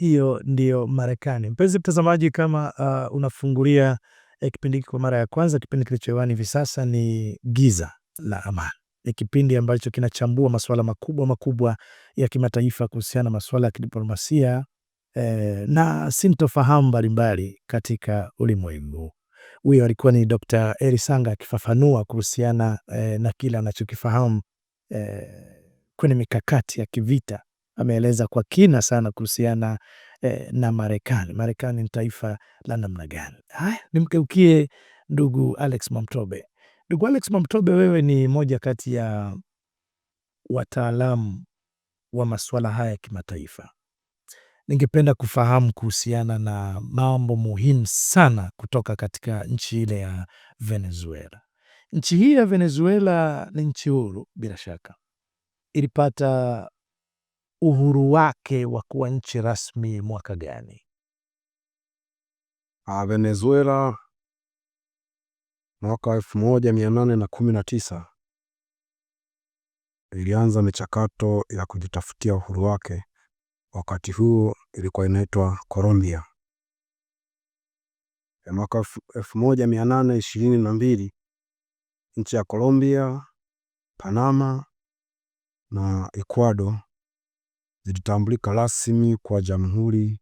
hiyo ndiyo Marekani. Mpenzi mtazamaji, kama uh, unafungulia eh, kipindi hiki kwa mara ya kwanza, kipindi kilichoewani hivi sasa ni Giza la Amani, ni kipindi ambacho kinachambua masuala makubwa makubwa ya kimataifa kuhusiana na masuala ya kidiplomasia eh, na sintofahamu mbalimbali katika ulimwengu. Huyo alikuwa ni Dr. sanga akifafanua kuhusiana eh, na kile anachokifahamu eh, kwenye mikakati ya kivita ameeleza kwa kina sana kuhusiana eh, na Marekani. Marekani ni taifa la namna gani? Haya, nimgeukie ndugu Alex Mwamtobe. Ndugu Alex Mwamtobe, wewe ni moja kati ya wataalamu wa masuala haya ya kimataifa. Ningependa kufahamu kuhusiana na mambo muhimu sana kutoka katika nchi ile ya Venezuela. Nchi hii ya Venezuela ni nchi huru bila shaka, ilipata uhuru wake wa kuwa rasmi mwaka gani? A, ah, Venezuela mwaka elfu moja mia nane na kumi na tisa ilianza michakato ya kujitafutia uhuru wake. Wakati huo ilikuwa inaitwa Colombia. Mwaka elfu moja mia nane ishirini na mbili nchi ya Colombia, Panama na Ecuador zilitambulika rasmi kwa Jamhuri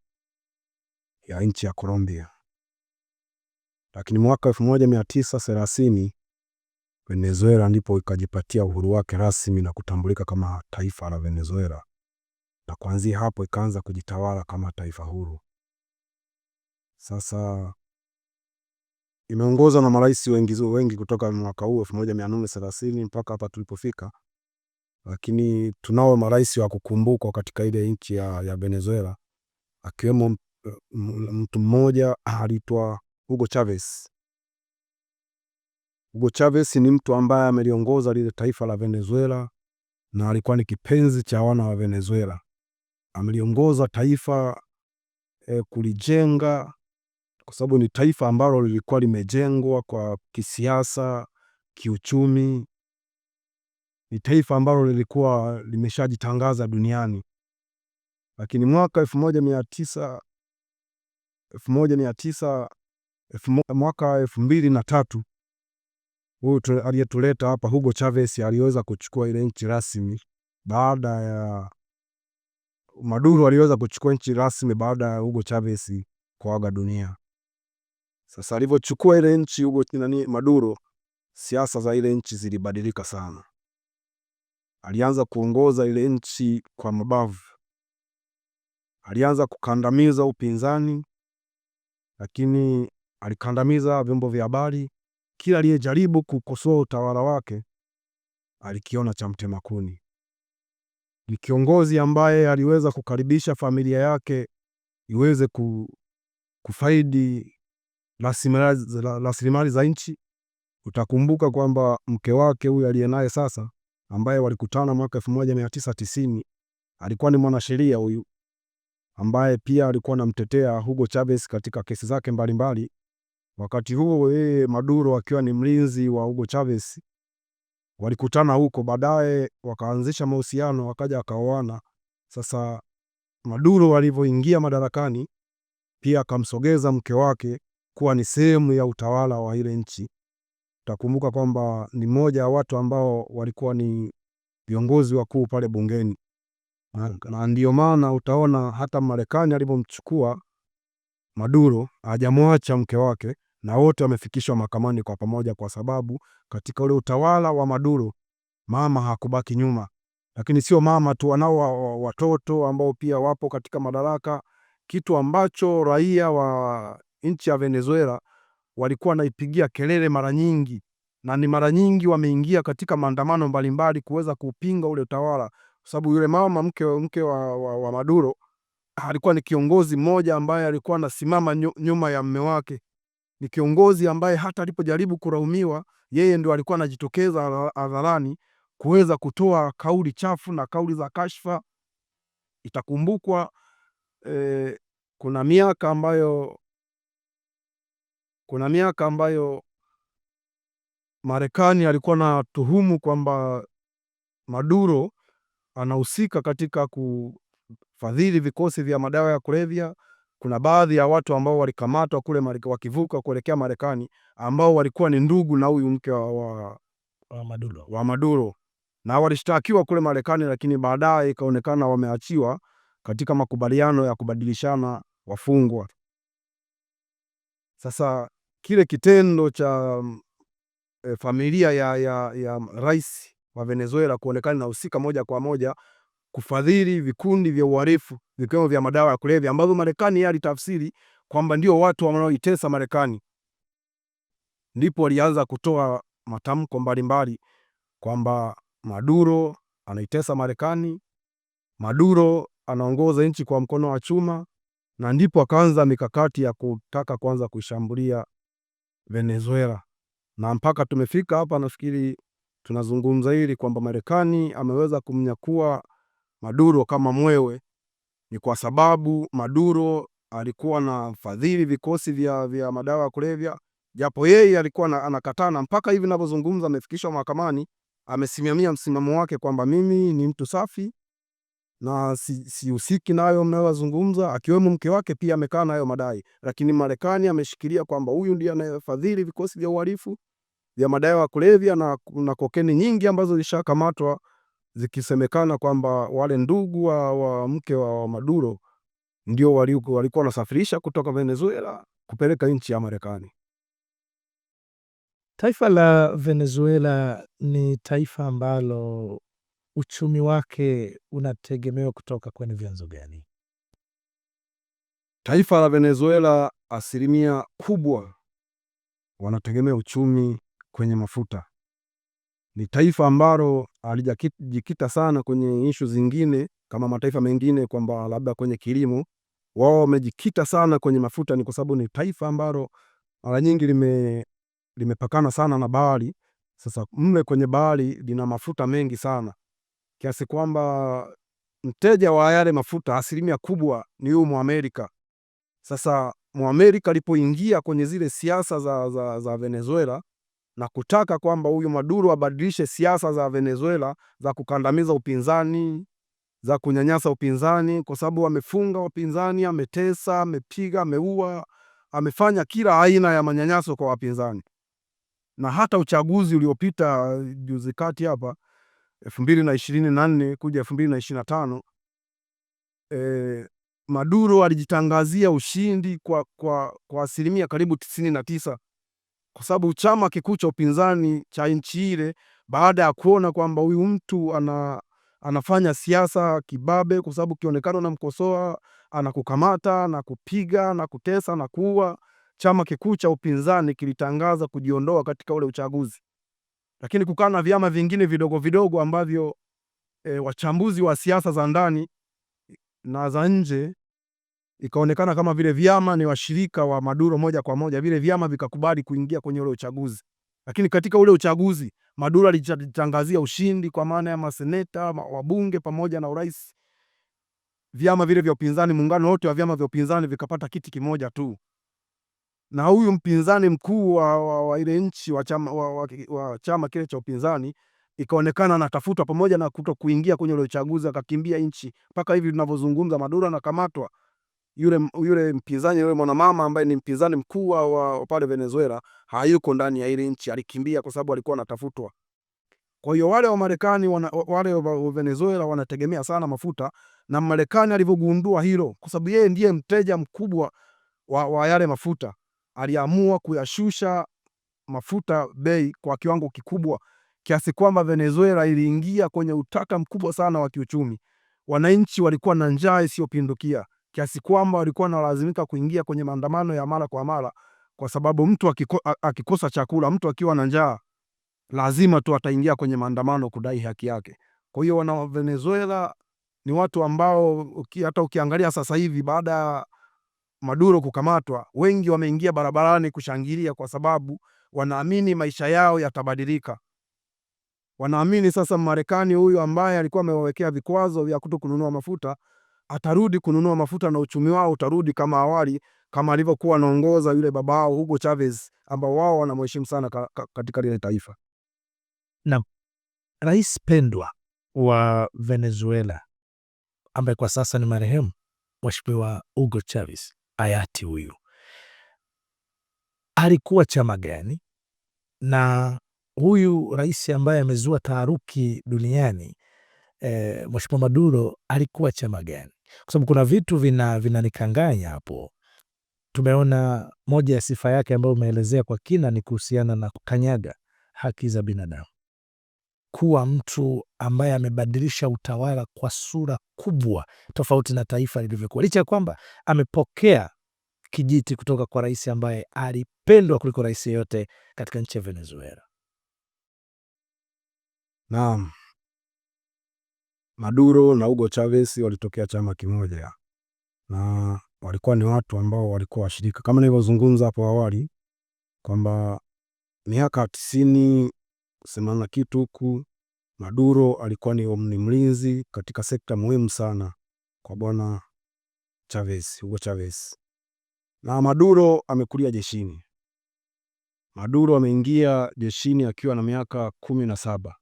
ya nchi ya Colombia. Lakini mwaka 1930 Venezuela ndipo ikajipatia uhuru wake rasmi na kutambulika kama taifa la Venezuela, na kuanzia hapo ikaanza kujitawala kama taifa huru. Sasa imeongozwa na marais wengi wengi kutoka mwaka huu 1830 mpaka hapa tulipofika lakini tunao marais wa kukumbukwa katika ile nchi ya, ya Venezuela akiwemo eh, mtu mmoja aliitwa Hugo Chavez. Hugo Chavez ni mtu ambaye ameliongoza lile taifa la Venezuela na alikuwa ni kipenzi cha wana wa Venezuela. Ameliongoza taifa e, kulijenga kwa sababu ni taifa ambalo lilikuwa limejengwa kwa kisiasa, kiuchumi ni taifa ambalo lilikuwa limeshajitangaza duniani, lakini mwaka elfu moja mia tisa elfu moja mia tisa mwaka elfu mbili na tatu huyu aliyetuleta hapa Hugo Chavez aliweza kuchukua ile nchi rasmi baada ya Maduro aliweza kuchukua nchi rasmi baada ya Hugo Chavez kuaga dunia. Sasa alivyochukua ile nchi Hugo nani Maduro, siasa za ile nchi zilibadilika sana alianza kuongoza ile nchi kwa mabavu, alianza kukandamiza upinzani, lakini alikandamiza vyombo vya habari. Kila aliyejaribu kukosoa utawala wake alikiona cha mtema kuni. Ni kiongozi ambaye aliweza kukaribisha familia yake iweze ku, kufaidi rasilimali za nchi. Utakumbuka kwamba mke wake huyu aliye naye sasa ambaye walikutana mwaka 1990 alikuwa ni mwanasheria huyu ambaye pia alikuwa anamtetea Hugo Chavez katika kesi zake mbalimbali. Wakati huo yeye Maduro akiwa ni mlinzi wa Hugo Chavez, walikutana huko, baadaye wakaanzisha mahusiano, wakaja wakaoana. Sasa Maduro alivyoingia madarakani, pia akamsogeza mke wake kuwa ni sehemu ya utawala wa ile nchi. Utakumbuka kwamba ni mmoja wa watu ambao walikuwa ni viongozi wakuu pale bungeni, na ndio maana utaona hata Marekani alipomchukua Maduro hajamwacha mke wake, na wote wamefikishwa mahakamani kwa pamoja, kwa sababu katika ule utawala wa Maduro mama hakubaki nyuma. Lakini sio mama tu, wanao wa, wa, watoto ambao pia wapo katika madaraka, kitu ambacho raia wa nchi ya Venezuela walikuwa wanaipigia kelele mara nyingi, na ni mara nyingi wameingia katika maandamano mbalimbali kuweza kupinga ule utawala, kwa sababu yule mama mke, mke wa, wa, wa Maduro alikuwa ni kiongozi mmoja ambaye alikuwa anasimama nyuma ya mme wake. Ni kiongozi ambaye hata alipojaribu kulaumiwa, yeye ndio alikuwa anajitokeza hadharani kuweza kutoa kauli chafu na kauli za kashfa. Itakumbukwa eh, kuna miaka ambayo kuna miaka ambayo Marekani alikuwa na tuhumu kwamba Maduro anahusika katika kufadhili vikosi vya madawa ya kulevya. Kuna baadhi ya watu ambao walikamatwa kule wakivuka kuelekea Marekani ambao walikuwa ni ndugu na huyu mke wa, wa, wa, Maduro. wa Maduro na walishtakiwa kule Marekani, lakini baadaye ikaonekana wameachiwa katika makubaliano ya kubadilishana wafungwa. Sasa kile kitendo cha e, familia ya, ya, ya rais wa Venezuela kuonekana inahusika moja kwa moja kufadhili vikundi vya uhalifu vikiwemo vya madawa ya kulevya ambavyo Marekani yeye alitafsiri kwamba ndio watu wanaoitesa Marekani, ndipo alianza kutoa matamko mbalimbali kwamba Maduro anaitesa Marekani, Maduro anaongoza nchi kwa mkono wa chuma, na ndipo akaanza mikakati ya kutaka kuanza kuishambulia Venezuela, na mpaka tumefika hapa nafikiri tunazungumza hili kwamba Marekani ameweza kumnyakua Maduro kama mwewe, ni kwa sababu Maduro alikuwa na fadhili vikosi vya, vya madawa ya kulevya, japo yeye alikuwa anakatana. Mpaka hivi navyozungumza amefikishwa mahakamani, amesimamia msimamo wake kwamba mimi ni mtu safi na sihusiki si nayo mnayozungumza, akiwemo mke wake pia amekaa nayo madai, lakini Marekani ameshikilia kwamba huyu ndiye anayefadhili vikosi vya uhalifu vya madawa ya kulevya na, na kokeni nyingi ambazo zishakamatwa zikisemekana kwamba wale ndugu wa, wa mke wa, wa Maduro ndio walikuwa wanasafirisha kutoka Venezuela kupeleka nchi ya Marekani. Taifa la Venezuela ni taifa ambalo uchumi wake unategemewa kutoka kwenye vyanzo gani? Taifa la Venezuela asilimia kubwa wanategemea uchumi kwenye mafuta. Ni taifa ambalo halijajikita sana kwenye ishu zingine kama mataifa mengine, kwamba labda kwenye kilimo. Wao wamejikita sana kwenye mafuta, ni kwa sababu ni taifa ambalo mara nyingi lime limepakana sana na bahari. Sasa mle kwenye bahari lina mafuta mengi sana, kiasi kwamba mteja wa yale mafuta asilimia kubwa ni huyu Mwamerika. Sasa Mwamerika alipoingia kwenye zile siasa za, za, za Venezuela na kutaka kwamba huyu Maduro abadilishe siasa za Venezuela za kukandamiza upinzani, za kunyanyasa upinzani, kwa sababu amefunga wapinzani, ametesa, amepiga, ameua, amefanya kila aina ya manyanyaso kwa wapinzani, na hata uchaguzi uliopita juzi kati hapa elfu mbili na ishirini na nne kuja elfu mbili na ishirini na tano e, Maduro alijitangazia ushindi kwa, kwa, kwa asilimia karibu tisini na tisa kwa sababu chama kikuu cha upinzani cha nchi ile baada ya kuona kwamba huyu mtu ana, anafanya siasa kibabe, kwa sababu ukionekana unamkosoa anakukamata na kupiga na kutesa na kuua. Chama kikuu cha upinzani kilitangaza kujiondoa katika ule uchaguzi lakini kukawa na vyama vingine vidogo vidogo ambavyo e, wachambuzi wa siasa za ndani na za nje ikaonekana kama vile vyama ni washirika wa Maduro moja kwa moja, vile vyama vikakubali kuingia kwenye ule uchaguzi. Lakini katika ule uchaguzi Maduro alijitangazia ushindi kwa maana ya maseneta, wabunge pamoja na urais. Vyama vile vya upinzani, muungano wote wa vyama vya upinzani vikapata kiti kimoja tu na huyu mpinzani mkuu wa, wa, wa ile nchi wa chama, wa, wa, wa chama kile cha upinzani ikaonekana anatafutwa pamoja na kuto kuingia kwenye ule uchaguzi akakimbia nchi. Mpaka hivi tunavyozungumza, Maduro anakamatwa, yule yule mpinzani yule mwanamama ambaye ni mpinzani mkuu wa, wa pale Venezuela hayuko ndani ya ile nchi, alikimbia kwa sababu alikuwa anatafutwa. Kwa hiyo wale wa Marekani wana, wale wa Venezuela wanategemea sana mafuta, na Marekani alivyogundua hilo, kwa sababu yeye ndiye mteja mkubwa wa, wa yale mafuta aliamua kuyashusha mafuta bei kwa kiwango kikubwa kiasi kwamba Venezuela iliingia kwenye utaka mkubwa sana wa kiuchumi. Wananchi walikuwa na njaa isiyopindukia kiasi kwamba walikuwa wanalazimika kuingia kwenye maandamano ya mara kwa mara, kwa sababu mtu akiko, akikosa chakula, mtu akiwa na njaa lazima tu ataingia kwenye maandamano kudai haki yake. Kwa hiyo wana Venezuela ni watu ambao hata ukiangalia sasa hivi baada ya Maduro kukamatwa, wengi wameingia barabarani kushangilia kwa sababu wanaamini maisha yao yatabadilika. Wanaamini sasa Marekani huyu ambaye alikuwa amewawekea vikwazo vya kuto kununua mafuta atarudi kununua mafuta na uchumi wao utarudi kama awali, kama alivyokuwa anaongoza yule wao Hugo Chavez, ambao wao wanamheshimu sana ka, ka, katika lile taifa. Na rais pendwa wa Venezuela ambaye kwa sasa ni marehemu Mheshimiwa Hugo Chavez hayati huyu alikuwa chama gani, na huyu rais ambaye amezua taharuki duniani e, Mheshimiwa Maduro alikuwa chama gani? Kwa sababu kuna vitu vinanikanganya vina hapo. Tumeona moja ya sifa yake ambayo umeelezea kwa kina ni kuhusiana na kukanyaga haki za binadamu kuwa mtu ambaye amebadilisha utawala kwa sura kubwa tofauti na taifa lilivyokuwa, licha ya kwamba amepokea kijiti kutoka kwa rais ambaye alipendwa kuliko rais yeyote katika nchi ya Venezuela. Naam, Maduro na Hugo Chavez walitokea chama kimoja na walikuwa ni watu ambao walikuwa washirika, kama nilivyozungumza hapo awali kwamba miaka tisini themanini na kitu huku. Maduro alikuwa ni mlinzi katika sekta muhimu sana kwa bwana Chavez, Hugo Chavez. Na Maduro amekulia jeshini. Maduro ameingia jeshini akiwa na miaka kumi na saba.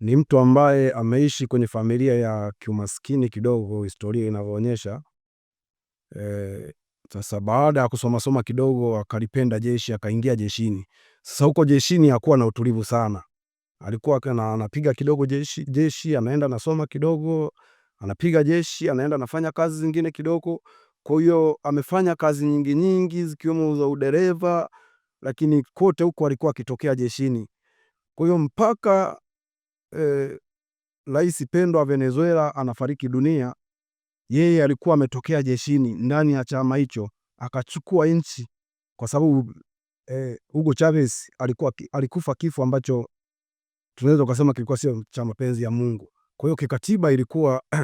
Ni mtu ambaye ameishi kwenye familia ya kiumaskini kidogo, historia inavyoonyesha. Eh, sasa e, baada ya kusomasoma kidogo akalipenda jeshi akaingia jeshini. Sasa huko jeshini hakuwa na utulivu sana, alikuwa anapiga kidogo jeshi, jeshi anaenda nasoma kidogo, anapiga jeshi, anaenda anafanya kazi zingine kidogo. Kwa hiyo amefanya kazi nyingi nyingi zikiwemo za udereva, lakini kote huko alikuwa akitokea jeshini. Kwa hiyo mpaka eh, Rais pendwa Venezuela anafariki dunia, yeye alikuwa ametokea jeshini ndani ya chama hicho akachukua nchi, kwa sababu eh, Hugo Chavez alikuwa alikufa kifo ambacho tunaweza kusema kilikuwa sio cha mapenzi ya Mungu. Kwa hiyo kikatiba ilikuwa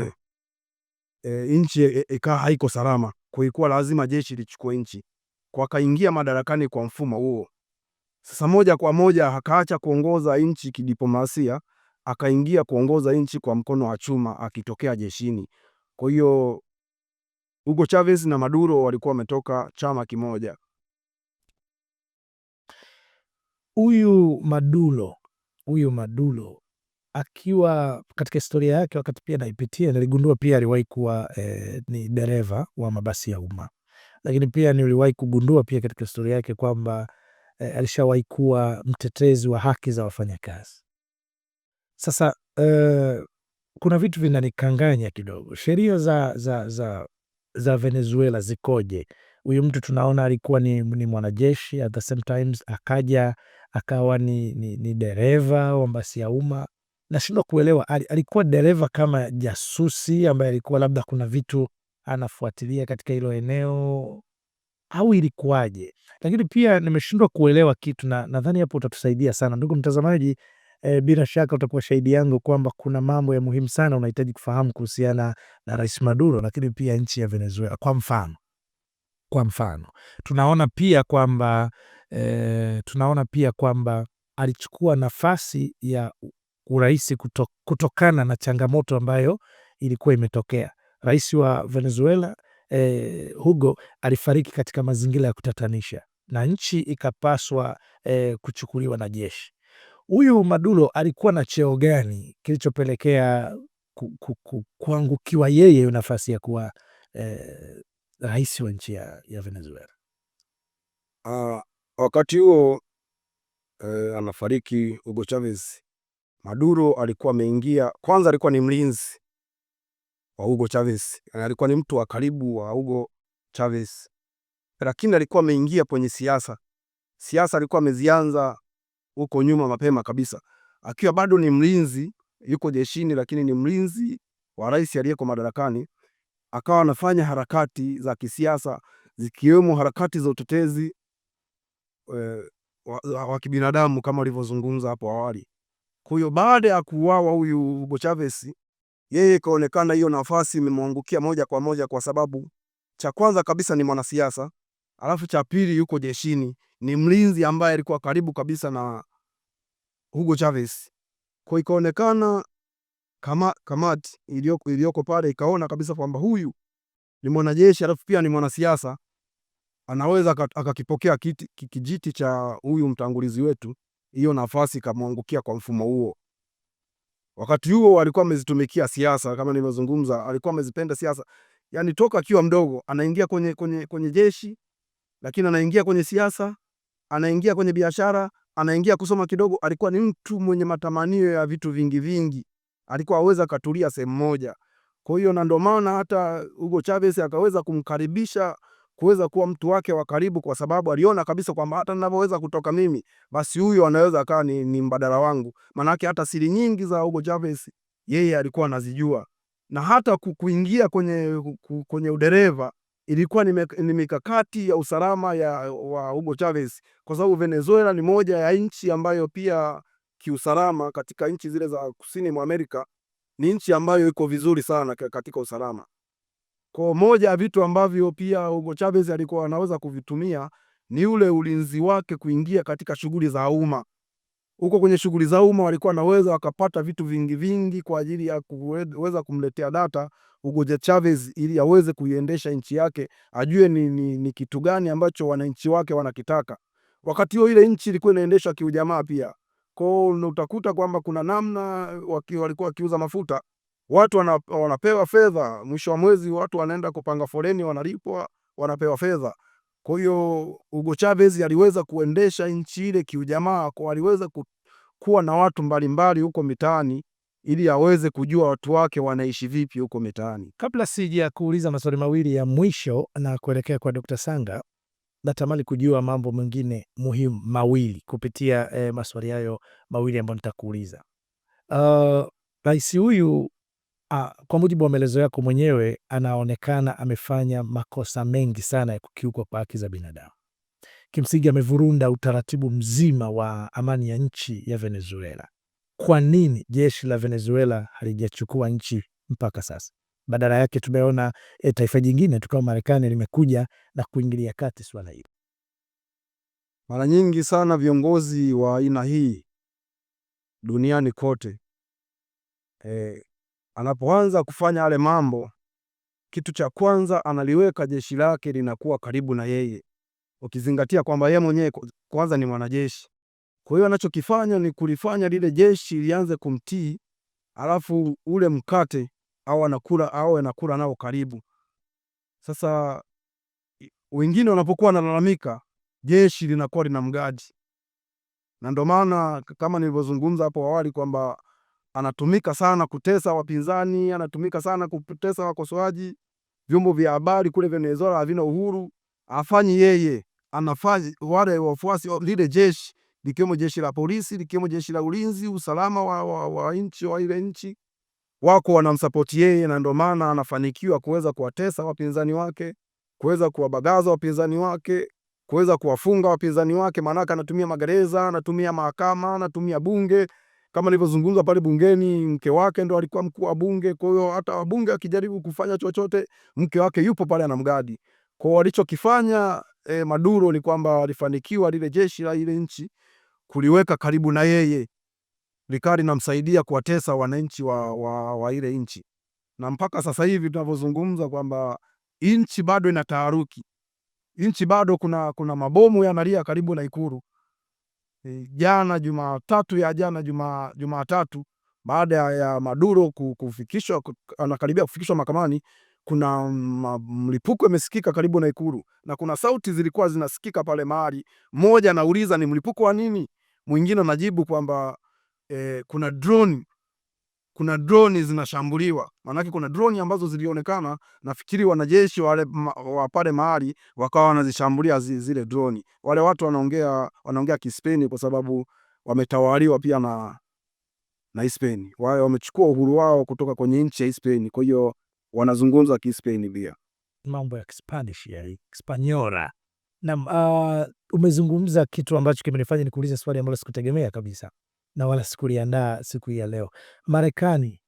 eh, nchi e, e, ikaa haiko salama, kwa ilikuwa lazima jeshi lichukue nchi, kwa kaingia madarakani kwa mfumo huo. Sasa moja kwa moja akaacha kuongoza nchi kidiplomasia, akaingia kuongoza nchi kwa mkono wa chuma akitokea jeshini. Kwa hiyo Hugo Chavez na Maduro walikuwa wametoka chama kimoja. Huyu madulo huyu madulo akiwa katika historia yake, wakati pia naipitia, niligundua pia aliwahi kuwa eh, ni dereva wa mabasi ya umma, lakini pia niliwahi kugundua pia katika historia yake kwamba eh, alishawahi kuwa mtetezi wa haki za wafanyakazi. Sasa eh, kuna vitu vinanikanganya kidogo. Sheria za, za, za, za Venezuela zikoje? huyu mtu tunaona alikuwa ni, ni mwanajeshi at the same times akaja akawa ni, ni, ni dereva wa mabasi ya umma. Nashindwa kuelewa alikuwa dereva kama jasusi ambaye alikuwa labda kuna vitu anafuatilia katika hilo eneo au ilikuwaje? Lakini pia nimeshindwa kuelewa kitu, na nadhani hapo utatusaidia sana ndugu mtazamaji. E, bila shaka utakuwa shahidi yangu kwamba kuna mambo ya muhimu sana unahitaji kufahamu kuhusiana na Rais Maduro, lakini pia nchi ya Venezuela kwa mfano kwa mfano. Tunaona pia kwamba e, tunaona pia kwamba alichukua nafasi ya urais kuto, kutokana na changamoto ambayo ilikuwa imetokea. Rais wa Venezuela e, Hugo alifariki katika mazingira ya kutatanisha na nchi ikapaswa e, kuchukuliwa na jeshi. Huyu Maduro alikuwa na cheo gani kilichopelekea ku, ku, ku, kuangukiwa yeye nafasi ya kuwa e, rais wa nchi ya, ya Venezuela. Uh, wakati huo eh, anafariki Hugo Chavez. Maduro alikuwa ameingia, kwanza alikuwa ni mlinzi wa Hugo Chavez, alikuwa ni mtu wa karibu wa Hugo Chavez, lakini alikuwa ameingia kwenye siasa. Siasa alikuwa amezianza huko nyuma mapema kabisa, akiwa bado ni mlinzi, yuko jeshini, lakini ni mlinzi wa rais aliyeko madarakani akawa anafanya harakati za kisiasa zikiwemo harakati za utetezi e, wa, wa kibinadamu kama alivyozungumza hapo awali. Kwa hiyo baada ya kuuawa huyu Hugo Chavez, yeye ikaonekana hiyo nafasi imemwangukia moja kwa moja, kwa sababu cha kwanza kabisa ni mwanasiasa, alafu cha pili yuko jeshini, ni mlinzi ambaye alikuwa karibu kabisa na Hugo Chavez. Kwa ikaonekana kama kamati iliyoko iliyoko pale ikaona kabisa kwamba huyu ni mwanajeshi alafu pia ni mwanasiasa, anaweza akakipokea kijiti cha huyu mtangulizi wetu, hiyo nafasi ikamwangukia kwa mfumo huo. Wakati huo alikuwa amezitumikia siasa, kama nilivyozungumza, alikuwa amezipenda siasa, yani toka akiwa mdogo anaingia kwenye, kwenye, kwenye jeshi, lakini anaingia kwenye siasa, anaingia kwenye biashara, anaingia kusoma kidogo. Alikuwa ni mtu mwenye matamanio ya vitu vingi vingi alikuwa aweza katulia sehemu moja. Kwa hiyo na ndio maana hata Hugo Chavez akaweza kumkaribisha kuweza kuwa mtu wake wa karibu, kwa sababu aliona kabisa kwamba hata ninavyoweza kutoka mimi, basi huyo anaweza akawa ni, ni mbadala wangu. Maanake hata siri nyingi za Hugo Chavez yeye alikuwa anazijua, na hata kuingia kwenye, kwenye udereva ilikuwa ni mikakati ya usalama ya, wa Hugo Chavez, kwa sababu Venezuela ni moja ya nchi ambayo pia kiusalama katika nchi zile za kusini mwa Amerika ni nchi ambayo iko vizuri sana katika usalama. Kwa moja ya vitu ambavyo pia Hugo Chavez alikuwa anaweza kuvitumia ni ule ulinzi wake kuingia katika shughuli za umma. Huko kwenye shughuli za umma walikuwa wanaweza wakapata vitu vingi vingi kwa ajili ya kuweza kumletea data Hugo Chavez ili aweze kuiendesha nchi yake, ajue ni, ni, ni kitu gani ambacho wananchi wake wanakitaka. Wakati huo ile nchi ilikuwa inaendeshwa kiujamaa pia. Kwao utakuta kwamba kuna namna waki, walikuwa wakiuza mafuta watu wanapewa fedha mwisho wa mwezi, watu wanaenda kupanga foleni, wanalipwa, wanapewa fedha. Kwa hiyo Hugo Chavez aliweza kuendesha nchi ile kiujamaa, kwa aliweza kuwa na watu mbalimbali huko mitaani ili aweze kujua watu wake wanaishi vipi huko mitaani. Kabla sija kuuliza maswali mawili ya mwisho na kuelekea kwa Dr. Sanga, natamani kujua mambo mengine muhimu mawili kupitia eh, maswali hayo mawili ambayo nitakuuliza. Uh, rais huyu uh, kwa mujibu wa maelezo yako mwenyewe anaonekana amefanya makosa mengi sana ya kukiukwa kwa haki za binadamu. Kimsingi amevurunda utaratibu mzima wa amani ya nchi ya Venezuela. Kwa nini jeshi la Venezuela halijachukua nchi mpaka sasa? Badala yake tumeona e, taifa jingine tukawa Marekani limekuja na kuingilia kati swala hili. Mara nyingi sana viongozi wa aina hii duniani kote e, anapoanza kufanya yale mambo, kitu cha kwanza analiweka jeshi lake linakuwa karibu na yeye, ukizingatia kwamba yeye mwenyewe kwanza ni mwanajeshi. Kwa hiyo anachokifanya ni kulifanya lile jeshi lianze kumtii, alafu ule mkate au anakula au anakula nao karibu. Sasa wengine wanapokuwa wanalalamika, jeshi linakuwa lina mgadi, na ndio maana kama nilivyozungumza hapo awali kwamba anatumika sana kutesa wapinzani, anatumika sana kutesa wakosoaji, vyombo vya habari kule Venezuela havina uhuru, afanyi yeye, anafanya wale wafuasi lile jeshi, likiwemo jeshi la polisi, likiwemo jeshi la ulinzi usalama wa, wa, wa nchi wa ile nchi wako wanamsapoti yeye, na ndio maana anafanikiwa kuweza kuwatesa wapinzani wake, kuweza kuwabagaza wapinzani wake, kuweza kuwafunga wapinzani wake. Maanake anatumia magereza, anatumia mahakama, anatumia bunge. Kama nilivyozungumza pale bungeni, mke wake ndo alikuwa mkuu wa bunge. Kwa hiyo hata wabunge akijaribu kufanya chochote, mke wake yupo pale anamgadi. Kwa hiyo walichokifanya eh, Maduro ni kwamba walifanikiwa lile jeshi la ile nchi kuliweka karibu na yeye likawa linamsaidia kuwatesa wananchi wa, wa, wa ile nchi, na mpaka sasa hivi tunavyozungumza kwamba nchi bado ina taharuki, nchi bado kuna, kuna mabomu yanalia karibu na Ikulu. E, jana Jumatatu ya jana juma Jumatatu baada ya Maduro kufikishwa anakaribia kufikishwa mahakamani, kuna mlipuko imesikika karibu na Ikulu na kuna sauti zilikuwa zinasikika pale mahali. Mmoja anauliza ni mlipuko wa nini, mwingine anajibu kwamba eh, kuna drone kuna drone zinashambuliwa. Maanake kuna drone ambazo zilionekana, nafikiri wanajeshi wale wa pale mahali wakawa wanazishambulia zile drone. Wale watu wanaongea wanaongea Kispeni kwa sababu wametawaliwa pia na na Hispeni, wao wamechukua uhuru wao kutoka kwenye nchi ya Hispeni, kwa hiyo wanazungumza Kispeni pia mambo ya Kispanish ya Kispanyola. Na uh, ah, umezungumza kitu ambacho kimenifanya nikuulize swali ambalo sikutegemea kabisa na wala sikuliandaa siku ya leo. Marekani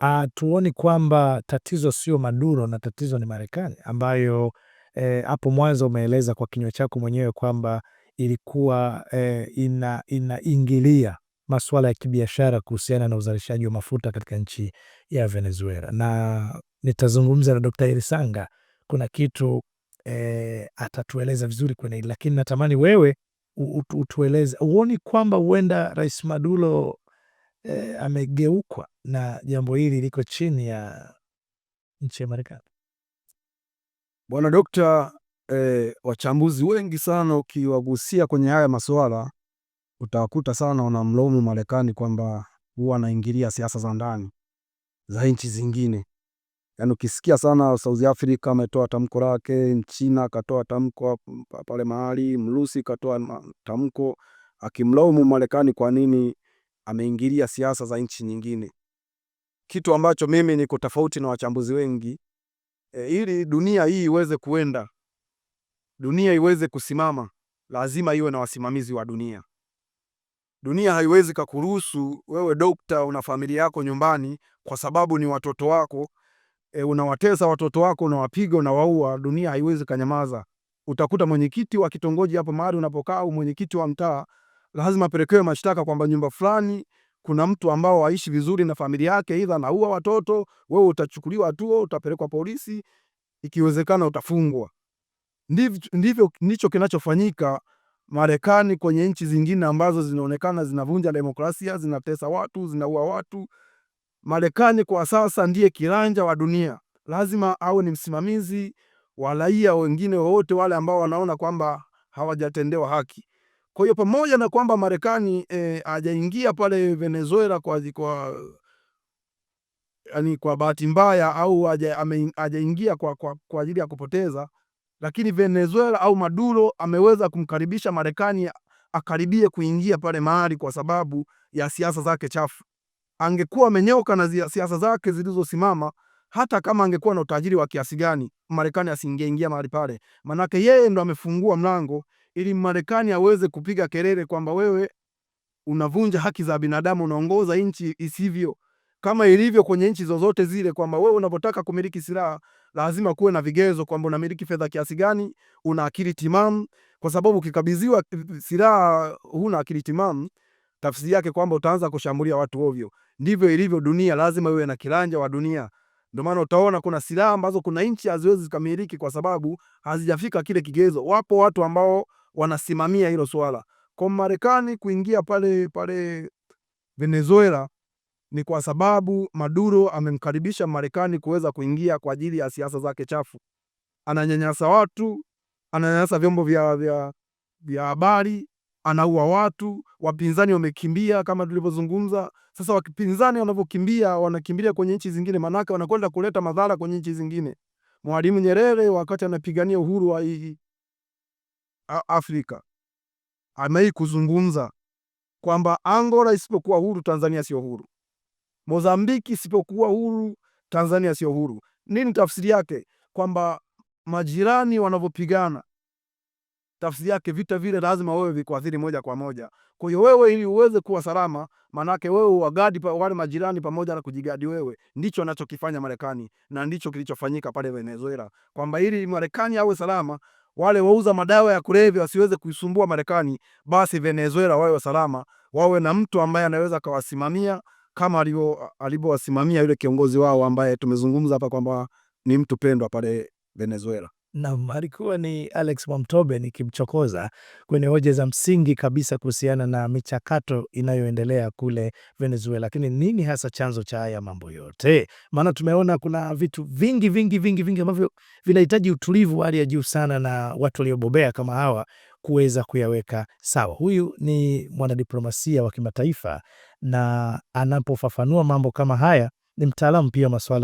ah, hatuoni kwamba tatizo sio Maduro na tatizo ni Marekani ambayo eh, hapo eh, mwanzo umeeleza kwa kinywa chako mwenyewe kwamba ilikuwa eh, ina inaingilia masuala ya kibiashara kuhusiana na uzalishaji wa mafuta katika nchi ya Venezuela, na nitazungumza na Dr. Irisanga kuna kitu eh, atatueleza vizuri kwenye hili, lakini natamani wewe utueleze, huoni kwamba huenda Rais Maduro e, eh, amegeukwa na jambo hili liko chini ya nchi ya Marekani? Bwana Dokta, e, wachambuzi wengi sana ukiwagusia kwenye haya masuala utawakuta sana wanamlaumu Marekani kwamba huwa anaingilia siasa za ndani za nchi zingine yani ukisikia sana South Africa ametoa tamko lake, China akatoa tamko pale mahali, Mrusi katoa tamko akimlaumu Marekani kwa nini ameingilia siasa za nchi nyingine, kitu ambacho mimi niko tofauti na wachambuzi wengi e, ili dunia hii iweze kuenda, dunia iweze kusimama, lazima iwe na wasimamizi wa dunia. Dunia haiwezi kakuruhusu wewe dokta una familia yako nyumbani kwa sababu ni watoto wako e, unawatesa watoto wako, unawapiga, unawaua, dunia haiwezi kanyamaza. Utakuta mwenyekiti wa kitongoji hapo mahali unapokaa mwenyekiti wa mtaa lazima apelekewe mashtaka kwamba nyumba fulani kuna mtu ambao aishi vizuri na familia yake, aidha anaua watoto. Wewe utachukuliwa hatua, utapelekwa polisi, ikiwezekana utafungwa. Ndivyo ndicho kinachofanyika Marekani kwenye nchi zingine ambazo zinaonekana zinavunja demokrasia, zinatesa watu, zinaua watu. Marekani kwa sasa ndiye kiranja wa dunia, lazima awe ni msimamizi wa raia wengine wowote wale ambao wanaona kwamba hawajatendewa haki. Kwa hiyo pamoja na kwamba Marekani eh, hajaingia pale Venezuela kwa, kwa yani kwa bahati mbaya au hajaingia kwa, kwa, kwa ajili ya kupoteza, lakini Venezuela au Maduro ameweza kumkaribisha Marekani akaribie kuingia pale mahali kwa sababu ya siasa zake chafu angekuwa amenyoka na siasa zake zilizosimama, hata kama angekuwa na utajiri wa kiasi gani, Marekani asingeingia mahali pale, manake yeye ndo amefungua mlango ili Marekani aweze kupiga kelele kwamba wewe unavunja haki za binadamu, unaongoza nchi isivyo kama ilivyo kwenye nchi zozote zile, kwamba wewe unapotaka kumiliki silaha lazima kuwe na vigezo kwamba unamiliki fedha kiasi gani, una akili timamu, kwa sababu ukikabidhiwa eh, silaha huna akili timamu, tafsiri yake kwamba utaanza kushambulia watu ovyo. Ndivyo ilivyo dunia, lazima iwe na kiranja wa dunia. Ndio maana utaona kuna silaha ambazo kuna nchi haziwezi zikamiliki kwa sababu hazijafika kile kigezo. Wapo watu ambao wanasimamia hilo swala. Kwa Marekani kuingia pale pale Venezuela ni kwa sababu Maduro amemkaribisha Marekani kuweza kuingia kwa ajili ya siasa zake chafu. Ananyanyasa watu, ananyanyasa vyombo vya vya vya habari, anaua watu, wapinzani wamekimbia kama tulivyozungumza. Sasa wapinzani wanavyokimbia, wanakimbilia kwenye nchi zingine, maanake wanakwenda kuleta madhara kwenye nchi zingine. Mwalimu Nyerere wakati anapigania uhuru wa hii Afrika amei kuzungumza kwamba Angola isipokuwa huru Tanzania sio huru, Mozambiki isipokuwa huru Tanzania sio huru. Nini tafsiri yake? Kwamba majirani wanavyopigana tafsiri yake vita vile lazima wewe vikuathiri moja kwa moja. Kwa hiyo wewe, ili uweze kuwa salama, manake wewe uwagadi pa, wale majirani pamoja na kujigadi wewe. Ndicho anachokifanya Marekani na ndicho kilichofanyika pale Venezuela, kwamba ili Marekani awe salama, wale wauza madawa ya kulevya wasiweze kuisumbua Marekani, basi Venezuela wawe salama, wawe na mtu ambaye anaweza kawasimamia kama alivyo alivyowasimamia yule kiongozi wao ambaye tumezungumza hapa kwamba ni mtu pendwa pale Venezuela na alikuwa ni Alex Mwamtobe nikimchokoza kwenye hoja za msingi kabisa kuhusiana na michakato inayoendelea kule Venezuela. Lakini nini hasa chanzo cha haya mambo yote? Maana tumeona kuna vitu vingi vingi vingi vingi ambavyo vinahitaji utulivu wa hali ya juu sana na watu waliobobea kama hawa kuweza kuyaweka sawa. Huyu ni mwanadiplomasia wa kimataifa na anapofafanua mambo kama haya ni mtaalamu pia masuala